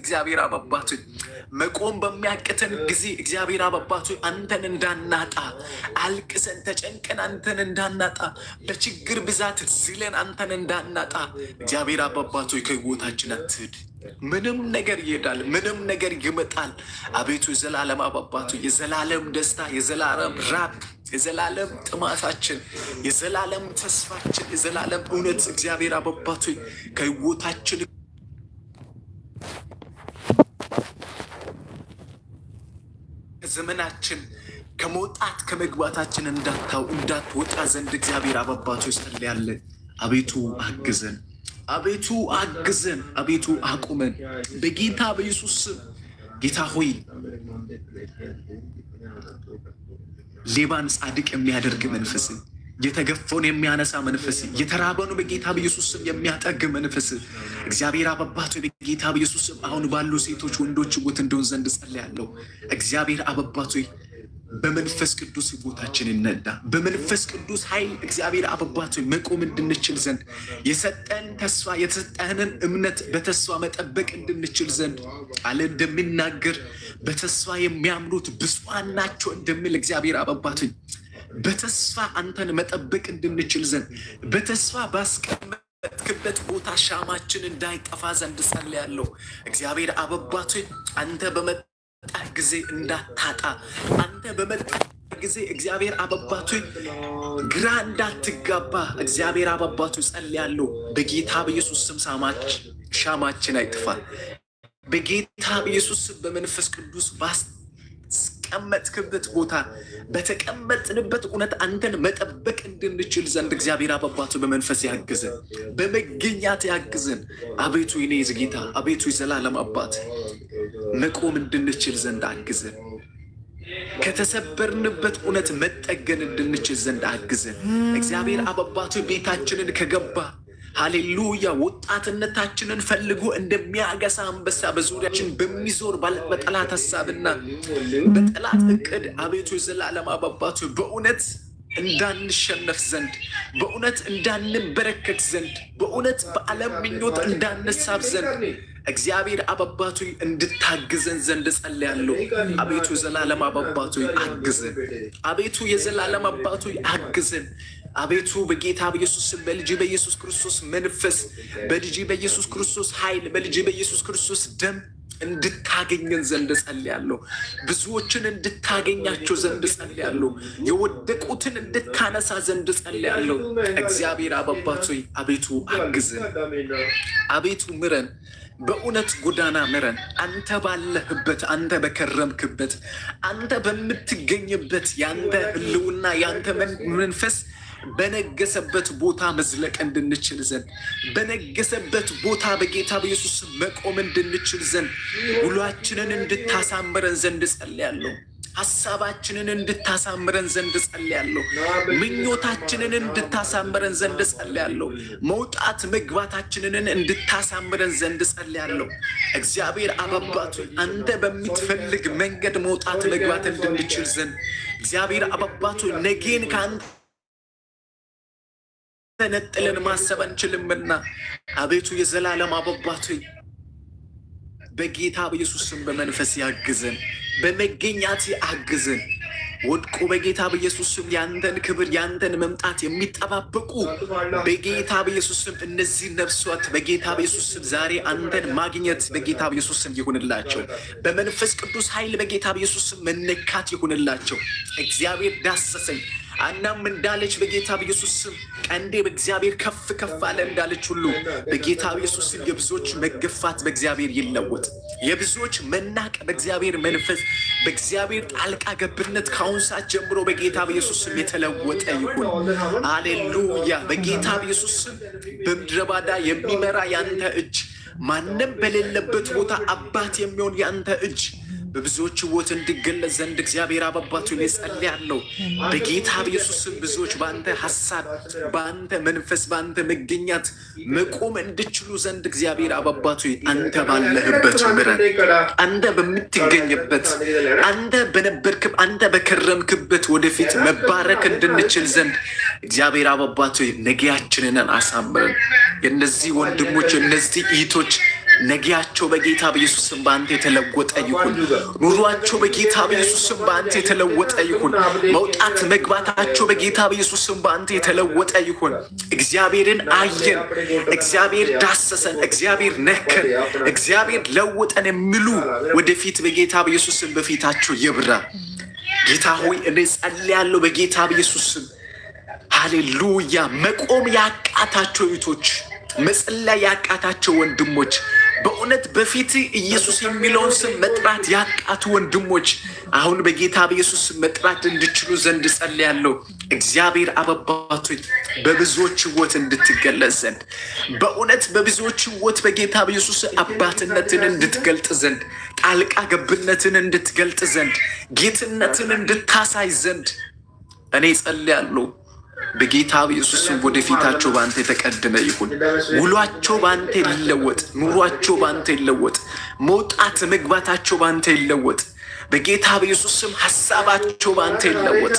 እግዚአብሔር አባባቱ መቆም በሚያቅተን ጊዜ እግዚአብሔር አባባቱ አንተን እንዳናጣ አልቅሰን ተጨንቀን አንተን እንዳናጣ በችግር ብዛት ዝለን አንተን እንዳናጣ እግዚአብሔር አባባቱ ከህይወታችን አትሂድ። ምንም ነገር ይሄዳል፣ ምንም ነገር ይመጣል። አቤቱ የዘላለም አባባቱ የዘላለም ደስታ፣ የዘላለም ራብ፣ የዘላለም ጥማታችን፣ የዘላለም ተስፋችን፣ የዘላለም እውነት እግዚአብሔር አባባቱ ከህይወታችን ከዘመናችን ከመውጣት ከመግባታችን እንዳታው እንዳትወጣ ዘንድ እግዚአብሔር አባባቶ ይጸልያለን። አቤቱ አግዘን፣ አቤቱ አግዘን፣ አቤቱ አቁመን በጌታ በኢየሱስ ስም። ጌታ ሆይ ሌባን ጻድቅ የሚያደርግ መንፈስን የተገፈውን የሚያነሳ መንፈስ፣ የተራበኑ በጌታ በኢየሱስ ስም የሚያጠግብ መንፈስ እግዚአብሔር አበባት በጌታ በኢየሱስ ስም አሁን ባሉ ሴቶች ወንዶች ሕይወት እንደሆን ዘንድ ጸልያለሁ። እግዚአብሔር አበባት በመንፈስ ቅዱስ ቦታችን ይነዳ። በመንፈስ ቅዱስ ኃይል እግዚአብሔር አበባት መቆም እንድንችል ዘንድ የሰጠን ተስፋ የተሰጠህንን እምነት በተስፋ መጠበቅ እንድንችል ዘንድ ቃል እንደሚናገር በተስፋ የሚያምኑት ብፁዓን ናቸው እንደሚል እግዚአብሔር አበባትኝ በተስፋ አንተን መጠበቅ እንድንችል ዘንድ በተስፋ ባስቀመጥክበት ቦታ ሻማችን እንዳይጠፋ ዘንድ ጸልያለሁ። እግዚአብሔር አበባቶ አንተ በመጣ ጊዜ እንዳታጣ አንተ በመጣ ጊዜ እግዚአብሔር አበባቶ ግራ እንዳትጋባ እግዚአብሔር አበባቶ ጸልያለሁ። በጌታ በኢየሱስ ስም ሻማችን አይጥፋ። በጌታ በኢየሱስ በመንፈስ ቅዱስ ባስ በተቀመጥክበት ቦታ በተቀመጥንበት እውነት አንተን መጠበቅ እንድንችል ዘንድ እግዚአብሔር አባባቱ በመንፈስ ያግዝን በመገኛት ያግዘን። አቤቱ ይኔ ጌታ አቤቱ የዘላለም አባት መቆም እንድንችል ዘንድ አግዝን ከተሰበርንበት እውነት መጠገን እንድንችል ዘንድ አግዘን። እግዚአብሔር አባባቱ ቤታችንን ከገባ ሃሌሉያ! ወጣትነታችንን ፈልጎ እንደሚያገሳ አንበሳ በዙሪያችን በሚዞር በጠላት ሀሳብና በጠላት እቅድ አቤቱ የዘላለም አባባቱ በእውነት እንዳንሸነፍ ዘንድ በእውነት እንዳንበረከክ ዘንድ በእውነት በዓለም ምኞት እንዳንሳብ ዘንድ እግዚአብሔር አባባቱ እንድታግዘን ዘንድ ጸልያለሁ። አቤቱ የዘላለም አባባቱ አግዘን። አቤቱ የዘላለም አባቱ አግዘን። አቤቱ በጌታ በኢየሱስ ስም በልጅ በኢየሱስ ክርስቶስ መንፈስ በልጅ በኢየሱስ ክርስቶስ ኃይል በልጅ በኢየሱስ ክርስቶስ ደም እንድታገኘን ዘንድ ጸልያለሁ። ብዙዎችን እንድታገኛቸው ዘንድ ጸልያለሁ። የወደቁትን እንድታነሳ ዘንድ ጸልያለሁ። እግዚአብሔር አባባቶ አቤቱ አግዘን፣ አቤቱ ምረን፣ በእውነት ጎዳና ምረን። አንተ ባለህበት፣ አንተ በከረምክበት፣ አንተ በምትገኝበት የአንተ ህልውና የአንተ መንፈስ በነገሰበት ቦታ መዝለቅ እንድንችል ዘንድ በነገሰበት ቦታ በጌታ በኢየሱስ መቆም እንድንችል ዘንድ ውሏችንን እንድታሳምረን ዘንድ ጸልያለሁ። ሀሳባችንን እንድታሳምረን ዘንድ ጸልያለሁ። ምኞታችንን እንድታሳምረን ዘንድ ጸልያለሁ። መውጣት መግባታችንን እንድታሳምረን ዘንድ ጸልያለሁ። እግዚአብሔር አባባቱ አንተ በምትፈልግ መንገድ መውጣት መግባት እንድንችል ዘንድ እግዚአብሔር አባባቱ ነጌን ከአንተ ተነጥለን ማሰብ አንችልምና አቤቱ የዘላለም አባባቶ በጌታ በኢየሱስም በመንፈስ ያግዘን፣ በመገኛት አግዘን። ወድቆ በጌታ በኢየሱስም ያንተን ክብር ያንተን መምጣት የሚጠባበቁ በጌታ በኢየሱስም እነዚህ ነፍሷት በጌታ በኢየሱስም ዛሬ አንተን ማግኘት በጌታ በኢየሱስም ይሁንላቸው። በመንፈስ ቅዱስ ኃይል በጌታ በኢየሱስም መነካት ይሁንላቸው። እግዚአብሔር ዳሰሰኝ አናም እንዳለች በጌታ በኢየሱስ ስም ቀንዴ በእግዚአብሔር ከፍ ከፍ አለ እንዳለች ሁሉ በጌታ በኢየሱስ ስም የብዙዎች መገፋት በእግዚአብሔር ይለወጥ። የብዙዎች መናቅ በእግዚአብሔር መንፈስ በእግዚአብሔር ጣልቃ ገብነት ከአሁን ሰዓት ጀምሮ በጌታ በኢየሱስ ስም የተለወጠ ይሁን። አሌሉያ። በጌታ በኢየሱስ ስም በምድረ ባዳ የሚመራ ያንተ እጅ፣ ማንም በሌለበት ቦታ አባት የሚሆን ያንተ እጅ በብዙዎች ህይወት እንድገለጽ ዘንድ እግዚአብሔር አባባቱ ላይ ጸልያለሁ። በጌታ በኢየሱስም ብዙዎች በአንተ ሀሳብ፣ በአንተ መንፈስ፣ በአንተ መገኛት መቆም እንድችሉ ዘንድ እግዚአብሔር አባባቱ አንተ ባለህበት ምረን። አንተ በምትገኝበት፣ አንተ በነበርክብ፣ አንተ በከረምክበት ወደፊት መባረክ እንድንችል ዘንድ እግዚአብሔር አባባቱ ነጊያችንን አሳምረን። የነዚህ ወንድሞች የነዚህ እህቶች ነጊያቸው በጌታ በኢየሱስ ስም በአንተ የተለወጠ ይሁን። ኑሯቸው በጌታ በኢየሱስ ስም በአንተ የተለወጠ ይሁን። መውጣት መግባታቸው በጌታ በኢየሱስ ስም በአንተ የተለወጠ ይሁን። እግዚአብሔርን አየን፣ እግዚአብሔር ዳሰሰን፣ እግዚአብሔር ነከን፣ እግዚአብሔር ለወጠን የሚሉ ወደፊት በጌታ በኢየሱስ ስም በፊታቸው ይብራ። ጌታ ሆይ እኔ ጸልያለሁ በጌታ በኢየሱስ ስም። ሃሌሉያ መቆም ያቃታቸው እህቶች መጸለይ ያቃታቸው ወንድሞች በእውነት በፊት ኢየሱስ የሚለውን ስም መጥራት ያቃቱ ወንድሞች አሁን በጌታ በኢየሱስ መጥራት እንድችሉ ዘንድ ጸልያለሁ። እግዚአብሔር አባባቶች በብዙዎች ሕይወት እንድትገለጽ ዘንድ በእውነት በብዙዎች ሕይወት በጌታ በኢየሱስ አባትነትን እንድትገልጥ ዘንድ ጣልቃ ገብነትን እንድትገልጥ ዘንድ ጌትነትን እንድታሳይ ዘንድ እኔ ጸልያለሁ። በጌታ በኢየሱስ ወደፊታቸው በአንተ የተቀደመ ይሁን። ውሏቸው በአንተ ይለወጥ። ኑሯቸው በአንተ ይለወጥ። መውጣት መግባታቸው በአንተ ይለወጥ። በጌታ በኢየሱስ ስም ሀሳባቸው በአንተ ይለወጥ።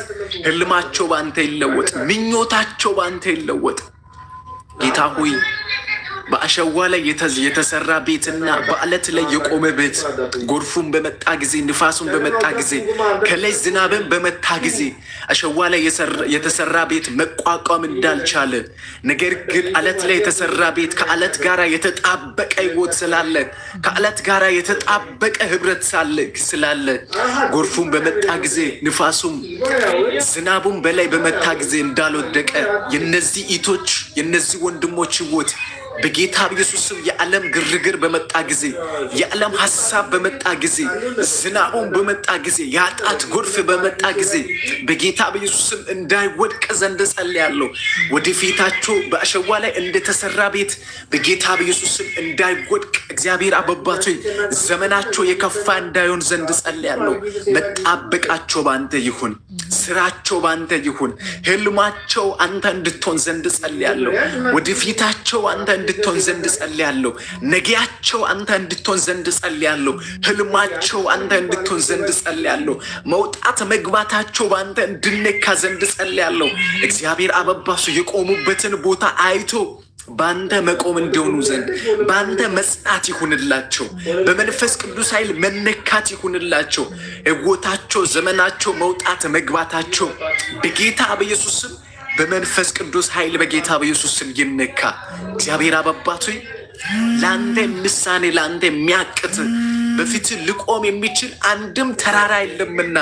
ህልማቸው በአንተ ይለወጥ። ምኞታቸው በአንተ ይለወጥ። ጌታ ሆይ በአሸዋ ላይ የተሰራ ቤትና በአለት ላይ የቆመ ቤት ጎርፉን በመጣ ጊዜ፣ ንፋሱን በመጣ ጊዜ፣ ከላይ ዝናብን በመታ ጊዜ አሸዋ ላይ የተሰራ ቤት መቋቋም እንዳልቻለ፣ ነገር ግን አለት ላይ የተሰራ ቤት ከአለት ጋራ የተጣበቀ ሕይወት ስላለ ከአለት ጋራ የተጣበቀ ህብረት ስላለ ጎርፉን በመጣ ጊዜ፣ ንፋሱም ዝናቡን በላይ በመታ ጊዜ እንዳልወደቀ የነዚህ ኢቶች የነዚህ ወንድሞች ሕይወት በጌታ ኢየሱስም የዓለም ግርግር በመጣ ጊዜ፣ የዓለም ሀሳብ በመጣ ጊዜ፣ ዝናቡን በመጣ ጊዜ፣ የአጣት ጎርፍ በመጣ ጊዜ በጌታ በኢየሱስ እንዳይወድቅ ዘንድ ጸልያለሁ። ወደፊታቸው በአሸዋ ላይ እንደተሰራ ቤት በጌታ በኢየሱስ እንዳይወድቅ እግዚአብሔር አበባቶ ዘመናቸው የከፋ እንዳይሆን ዘንድ ጸልያለሁ። መጣበቃቸው በአንተ ይሁን፣ ስራቸው በአንተ ይሁን፣ ህልማቸው አንተ እንድትሆን ዘንድ ጸልያለሁ። ወደፊታቸው አንተ እንድትሆን ዘንድ ጸልያለሁ። ነጊያቸው አንተ እንድትሆን ዘንድ ጸልያለሁ። ህልማቸው አንተ እንድትሆን ዘንድ ጸልያለሁ። መውጣት መግባታቸው በአንተ እንድነካ ዘንድ ጸልያለሁ። እግዚአብሔር አበባሱ የቆሙበትን ቦታ አይቶ በአንተ መቆም እንዲሆኑ ዘንድ በአንተ መጽናት ይሁንላቸው። በመንፈስ ቅዱስ ኃይል መነካት ይሁንላቸው። ህይወታቸው፣ ዘመናቸው፣ መውጣት መግባታቸው በጌታ በኢየሱስም በመንፈስ ቅዱስ ኃይል በጌታ በኢየሱስ ስም ይነካ። እግዚአብሔር አባባቱ ለአንተ ምሳኔ ለአንተ የሚያቅት በፊት ልቆም የሚችል አንድም ተራራ የለምና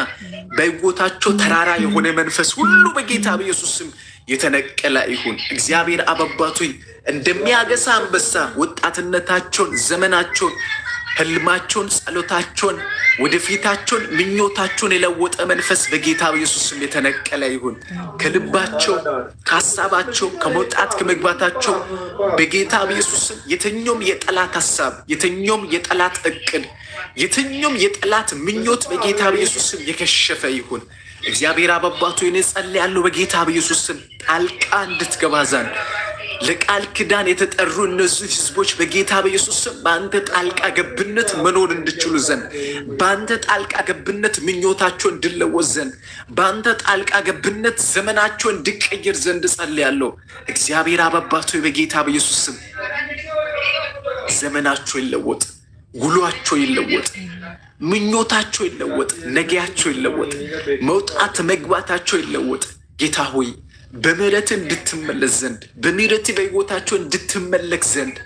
በሕይወታቸው ተራራ የሆነ መንፈስ ሁሉ በጌታ በኢየሱስ ስም የተነቀለ ይሁን። እግዚአብሔር አባባቱ እንደሚያገሳ አንበሳ ወጣትነታቸውን ዘመናቸውን ህልማቸውን፣ ጸሎታቸውን፣ ወደፊታቸውን፣ ምኞታቸውን የለወጠ መንፈስ በጌታ በኢየሱስም የተነቀለ ይሁን። ከልባቸው፣ ከሀሳባቸው ከመውጣት ከመግባታቸው በጌታ በኢየሱስም የትኛውም የጠላት ሀሳብ፣ የትኛውም የጠላት እቅድ፣ የትኛውም የጠላት ምኞት በጌታ በኢየሱስም የከሸፈ ይሁን። እግዚአብሔር አባባቱ እኔ ያለው በጌታ በኢየሱስም ጣልቃ እንድትገባዛን ለቃል ኪዳን የተጠሩ እነዚህ ህዝቦች በጌታ በኢየሱስ ስም በአንተ ጣልቃ ገብነት መኖር እንድችሉ ዘንድ በአንተ ጣልቃ ገብነት ምኞታቸው እንድለወስ ዘንድ በአንተ ጣልቃ ገብነት ዘመናቸው እንድቀየር ዘንድ ጸልያለሁ። እግዚአብሔር አባባቶ በጌታ በኢየሱስ ስም ዘመናቸው ይለወጥ፣ ጉሏቸው ይለወጥ፣ ምኞታቸው ይለወጥ፣ ነገያቸው ይለወጥ፣ መውጣት መግባታቸው ይለወጥ። ጌታ ሆይ በምህረት እንድትመለስ ዘንድ በምህረት በህይወታቸው እንድትመለክ ዘንድ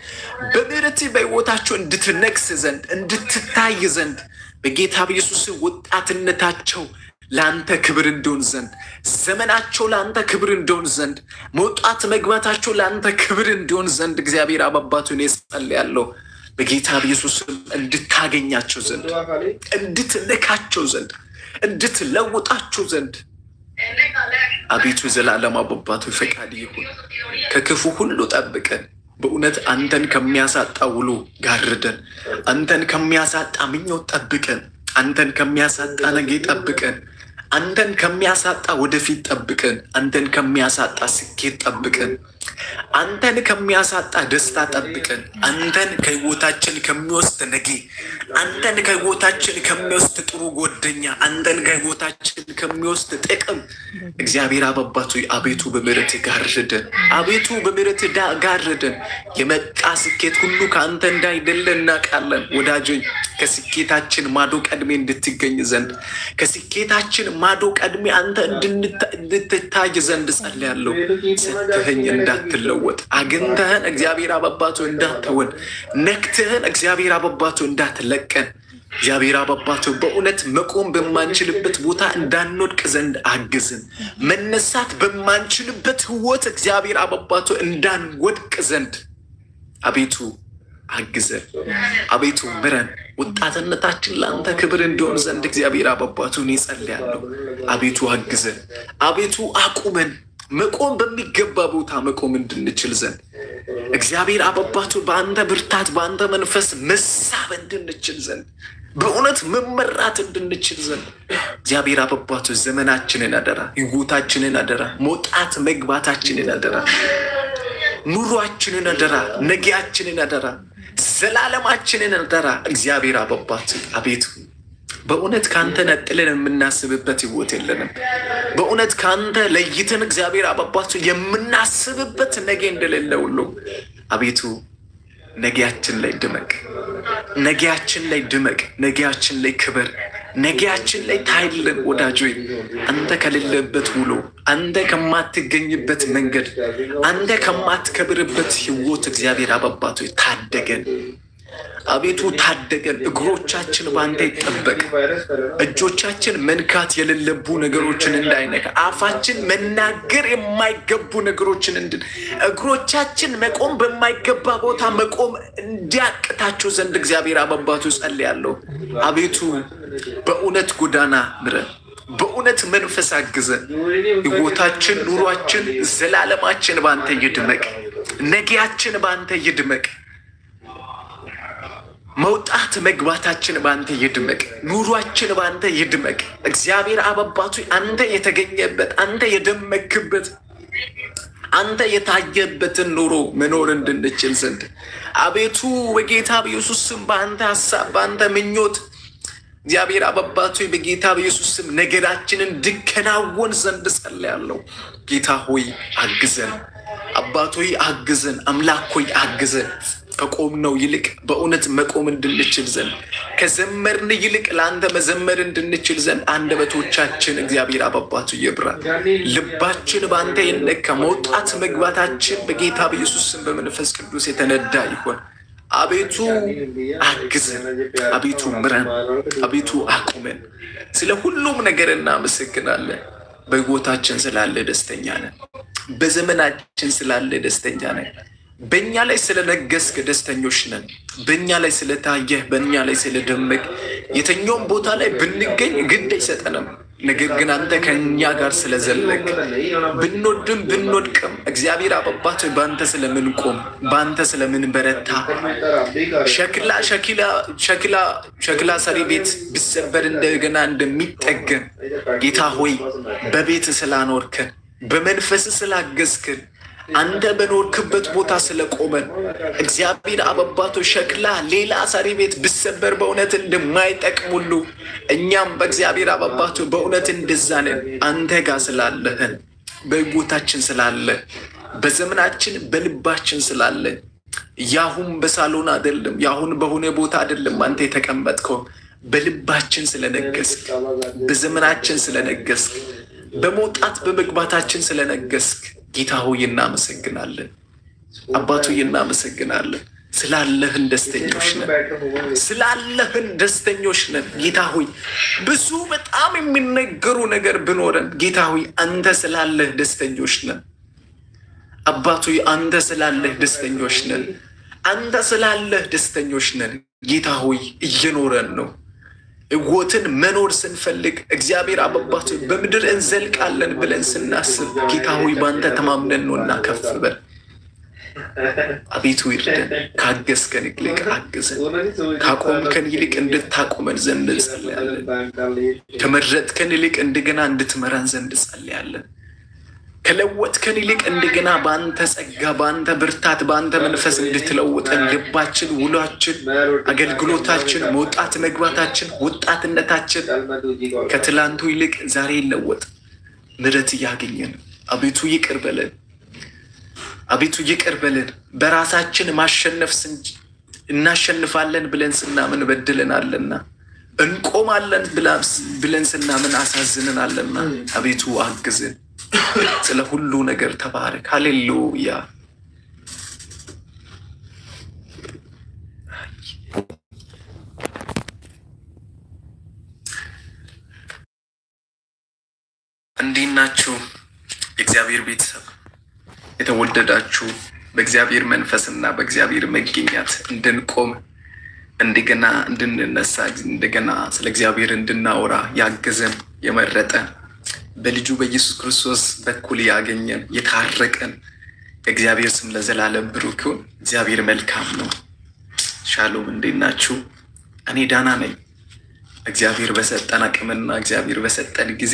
በምህረት በህይወታቸው እንድትነግስ ዘንድ እንድትታይ ዘንድ በጌታ በኢየሱስ ወጣትነታቸው ለአንተ ክብር እንደሆን ዘንድ ዘመናቸው ለአንተ ክብር እንደሆን ዘንድ መውጣት መግባታቸው ለአንተ ክብር እንደሆን ዘንድ እግዚአብሔር አባባቱ እኔ ጸልያለሁ። በጌታ በኢየሱስ እንድታገኛቸው ዘንድ እንድትልካቸው ዘንድ እንድትለውጣቸው ዘንድ አቤቱ የዘላለም አባቱ ፈቃድ ይሁን። ከክፉ ሁሉ ጠብቀን፣ በእውነት አንተን ከሚያሳጣ ውሎ ጋርደን፣ አንተን ከሚያሳጣ ምኞት ጠብቀን፣ አንተን ከሚያሳጣ ነገ ጠብቀን፣ አንተን ከሚያሳጣ ወደፊት ጠብቀን፣ አንተን ከሚያሳጣ ስኬት ጠብቀን። አንተን ከሚያሳጣ ደስታ ጠብቀን፣ አንተን ከህይወታችን ከሚወስድ ነገ፣ አንተን ከህይወታችን ከሚወስድ ጥሩ ጓደኛ፣ አንተን ከህይወታችን ከሚወስድ ጥቅም እግዚአብሔር አበባቱ አቤቱ በምሕረት ጋርደን፣ አቤቱ በምሕረት ጋርደን። የመጣ ስኬት ሁሉ ከአንተ እንዳይደለ እናውቃለን። ወዳጆኝ ከስኬታችን ማዶ ቀድሜ እንድትገኝ ዘንድ ከስኬታችን ማዶ ቀድሜ አንተ እንድትታይ ዘንድ ጸልያለሁ። ሰተኸኝ እንዳትል እንዳትለወጥ አግኝተህን እግዚአብሔር አበባቶ እንዳትሆን ነክትህን እግዚአብሔር አበባቶ እንዳትለቀን እግዚአብሔር አበባቶ በእውነት መቆም በማንችልበት ቦታ እንዳንወድቅ ዘንድ አግዝን። መነሳት በማንችልበት ህይወት እግዚአብሔር አበባቶ እንዳንወድቅ ዘንድ አቤቱ አግዘን፣ አቤቱ ምረን። ወጣትነታችን ለአንተ ክብር እንዲሆን ዘንድ እግዚአብሔር አበባቱን ይጸልያለሁ። አቤቱ አግዘን፣ አቤቱ አቁመን መቆም በሚገባ ቦታ መቆም እንድንችል ዘንድ እግዚአብሔር አባባቱ በአንተ ብርታት በአንተ መንፈስ መሳብ እንድንችል ዘንድ በእውነት መመራት እንድንችል ዘንድ እግዚአብሔር አባባቱ ዘመናችንን አደራ፣ ህይወታችንን አደራ፣ መውጣት መግባታችንን አደራ፣ ኑሯችንን አደራ፣ ነጊያችንን አደራ፣ ዘላለማችንን አደራ። እግዚአብሔር አባባት አቤቱ በእውነት ከአንተ ነጥለን የምናስብበት ህይወት የለንም። በእውነት ከአንተ ለይትን እግዚአብሔር አባባቸው የምናስብበት ነገ እንደሌለ ሁሉ አቤቱ ነጊያችን ላይ ድመቅ፣ ነጊያችን ላይ ድመቅ፣ ነጊያችን ላይ ክብር፣ ነጊያችን ላይ ታይልን። ወዳጆ አንተ ከሌለበት ውሎ፣ አንተ ከማትገኝበት መንገድ፣ አንተ ከማትከብርበት ህይወት እግዚአብሔር አባባቶ ታደገን። አቤቱ ታደገን። እግሮቻችን ባንተ ይጠበቅ። እጆቻችን መንካት የሌለቡ ነገሮችን እንዳይነካ፣ አፋችን መናገር የማይገቡ ነገሮችን እንድን እግሮቻችን መቆም በማይገባ ቦታ መቆም እንዲያቅታቸው ዘንድ እግዚአብሔር አባቱ ጸልያለሁ። አቤቱ በእውነት ጎዳና ምረን፣ በእውነት መንፈስ አግዘን። ሕይወታችን፣ ኑሯችን፣ ዘላለማችን ባንተ ይድመቅ። ነጊያችን ባንተ ይድመቅ። መውጣት መግባታችን በአንተ ይድመቅ። ኑሯችን በአንተ ይድመቅ። እግዚአብሔር አበባቱ አንተ የተገኘበት አንተ የደመክበት አንተ የታየበትን ኑሮ መኖር እንድንችል ዘንድ አቤቱ በጌታ በኢየሱስ ስም በአንተ ሀሳብ በአንተ ምኞት እግዚአብሔር አበባቱ በጌታ በኢየሱስ ስም ነገራችንን ድከናወን ዘንድ ጸልያለሁ። ጌታ ሆይ አግዘን፣ አባቶ ሆይ አግዘን፣ አምላክ ሆይ አግዘን። ከቆምነው ይልቅ በእውነት መቆም እንድንችል ዘንድ ከዘመርን ይልቅ ለአንተ መዘመር እንድንችል ዘንድ አንደበቶቻችን እግዚአብሔር አባባቱ ይብራ። ልባችን በአንተ የነካ መውጣት መግባታችን በጌታ በኢየሱስ በመንፈስ ቅዱስ የተነዳ ይሆን። አቤቱ አግዘን፣ አቤቱ ምረን፣ አቤቱ አቁመን። ስለ ሁሉም ነገር እናመሰግናለን። በሕይወታችን ስላለ ደስተኛ ነን። በዘመናችን ስላለ ደስተኛ ነን። በእኛ ላይ ስለነገስክ ደስተኞች ነን። በእኛ ላይ ስለታየህ፣ በእኛ ላይ ስለደመቅ የትኛውም ቦታ ላይ ብንገኝ ግድ አይሰጠንም። ነገር ግን አንተ ከእኛ ጋር ስለዘለቅ ብንወድም ብንወድቅም እግዚአብሔር አባባት በአንተ ስለምንቆም በአንተ በረታ ሸክላ ሸክላ ሸክላ ሰሪ ቤት ቢሰበር እንደገና እንደሚጠገን ጌታ ሆይ በቤት ስላኖርክን በመንፈስ ስላገዝክን አንተ በኖርክበት ቦታ ስለቆመን እግዚአብሔር አበባቶ ሸክላ ሌላ አሳሪ ቤት ብሰበር በእውነት እንደማይጠቅም ሁሉ እኛም በእግዚአብሔር አበባቶ በእውነት እንደዛንን አንተ ጋር ስላለህን በሕይወታችን ስላለ በዘመናችን በልባችን ስላለ ያሁን በሳሎን አይደለም፣ ያሁን በሆነ ቦታ አይደለም። አንተ የተቀመጥከው በልባችን ስለነገስክ፣ በዘመናችን ስለነገስክ፣ በመውጣት በመግባታችን ስለነገስክ ጌታ ሆይ እናመሰግናለን። አባቱ እናመሰግናለን። ስላለህን ደስተኞች ነን፣ ስላለህን ደስተኞች ነን። ጌታ ሆይ ብዙ በጣም የሚነገሩ ነገር ብኖረን፣ ጌታ ሆይ አንተ ስላለህ ደስተኞች ነን። አባቱ አንተ ስላለህ ደስተኞች ነን። አንተ ስላለህ ደስተኞች ነን። ጌታ ሆይ እየኖረን ነው ሕይወትን መኖር ስንፈልግ እግዚአብሔር አባባችን በምድር እንዘልቃለን ብለን ስናስብ ጌታ ሆይ በአንተ ተማምነን ነው እና ከፍ በል አቤቱ ይርደን። ካገዝከን ይልቅ አግዘን፣ ካቆምከን ይልቅ እንድታቆመን ዘንድ እንጸልያለን። ከመረጥከን ይልቅ እንደገና እንድትመራን ዘንድ እንጸልያለን። ከለወጥከን ይልቅ እንደገና በአንተ ጸጋ፣ በአንተ ብርታት፣ በአንተ መንፈስ እንድትለውጠን ልባችን፣ ውሏችን፣ አገልግሎታችን፣ መውጣት መግባታችን፣ ወጣትነታችን ከትላንቱ ይልቅ ዛሬ ይለወጥ። ምረት እያገኘን አቤቱ ይቅር በለን፣ አቤቱ ይቅር በለን። በራሳችን ማሸነፍ ስንጅ እናሸንፋለን ብለን ስናምን በድለናልና እንቆማለን ብለን ስናምን አሳዝነናልና አቤቱ አግዝን። ስለ ሁሉ ነገር ተባረክ። ሀሌሉያ እንዲህ ናችሁ የእግዚአብሔር ቤተሰብ የተወደዳችሁ በእግዚአብሔር መንፈስና በእግዚአብሔር መገኛት እንድንቆም እንደገና እንድንነሳ እንደገና ስለ እግዚአብሔር እንድናወራ ያገዘን የመረጠን በልጁ በኢየሱስ ክርስቶስ በኩል ያገኘን የታረቀን እግዚአብሔር ስም ለዘላለም ብሩክ ይሁን። እግዚአብሔር መልካም ነው። ሻሎም፣ እንዴት ናችሁ? እኔ ዳና ነኝ። እግዚአብሔር በሰጠን አቅምና እግዚአብሔር በሰጠን ጊዜ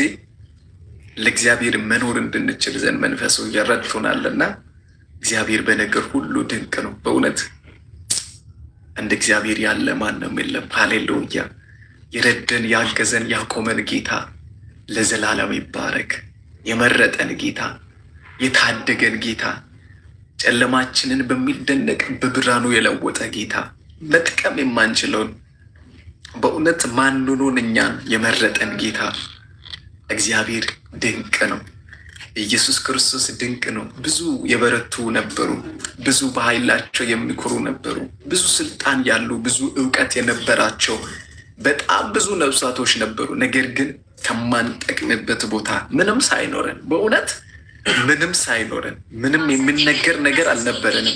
ለእግዚአብሔር መኖር እንድንችል ዘንድ መንፈሱ እየረድቶናልና እግዚአብሔር በነገር ሁሉ ድንቅ ነው። በእውነት እንደ እግዚአብሔር ያለ ማንም የለም። ሃሌሉያ! የረደን ያገዘን ያቆመን ጌታ ለዘላለም ይባረክ። የመረጠን ጌታ፣ የታደገን ጌታ፣ ጨለማችንን በሚደነቅ በብርሃኑ የለወጠ ጌታ፣ መጥቀም የማንችለውን በእውነት ማንኑን እኛን የመረጠን ጌታ እግዚአብሔር ድንቅ ነው። ኢየሱስ ክርስቶስ ድንቅ ነው። ብዙ የበረቱ ነበሩ። ብዙ በኃይላቸው የሚኮሩ ነበሩ። ብዙ ስልጣን ያሉ፣ ብዙ እውቀት የነበራቸው በጣም ብዙ ነፍሳቶች ነበሩ። ነገር ግን ከማንጠቅምበት ቦታ ምንም ሳይኖረን በእውነት ምንም ሳይኖረን ምንም የምንነገር ነገር አልነበረንም።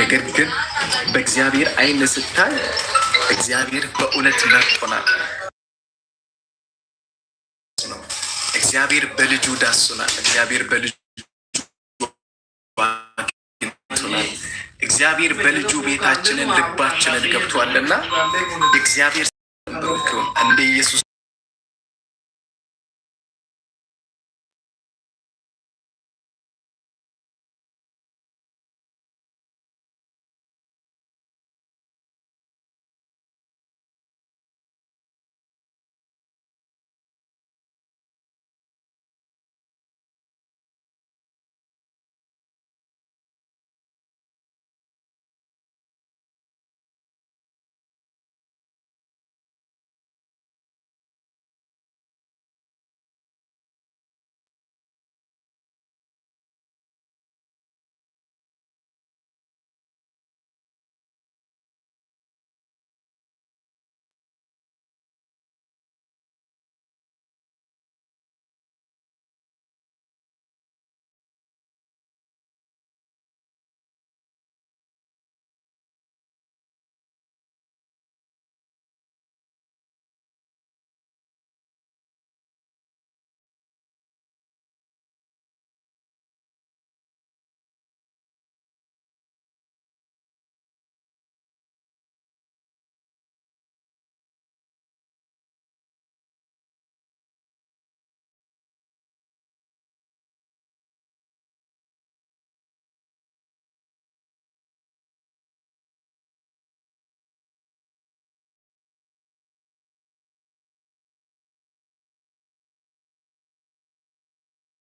ነገር ግን በእግዚአብሔር ዓይን ስታይ እግዚአብሔር በእውነት መርጦናል። እግዚአብሔር በልጁ ዳሶናል። እግዚአብሔር በልጁ እግዚአብሔር በልጁ ቤታችንን ልባችንን ገብቷልና እግዚአብሔር እንደ ኢየሱስ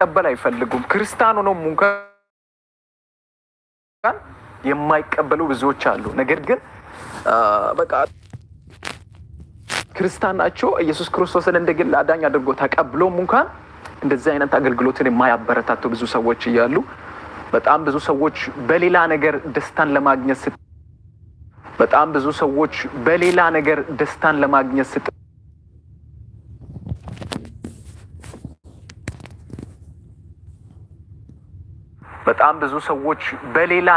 መቀበል አይፈልጉም። ክርስቲያን ሆነው ሙንከን የማይቀበሉ ብዙዎች አሉ። ነገር ግን በቃ ክርስቲያን ናቸው። ኢየሱስ ክርስቶስን እንደ ግል አዳኝ አድርጎ ተቀብሎ እንኳን እንደዚህ አይነት አገልግሎትን የማያበረታቱ ብዙ ሰዎች እያሉ በጣም ብዙ ሰዎች በሌላ ነገር ደስታን ለማግኘት በጣም ብዙ ሰዎች በሌላ ነገር ደስታን ለማግኘት ስጥ በጣም ብዙ ሰዎች በሌላ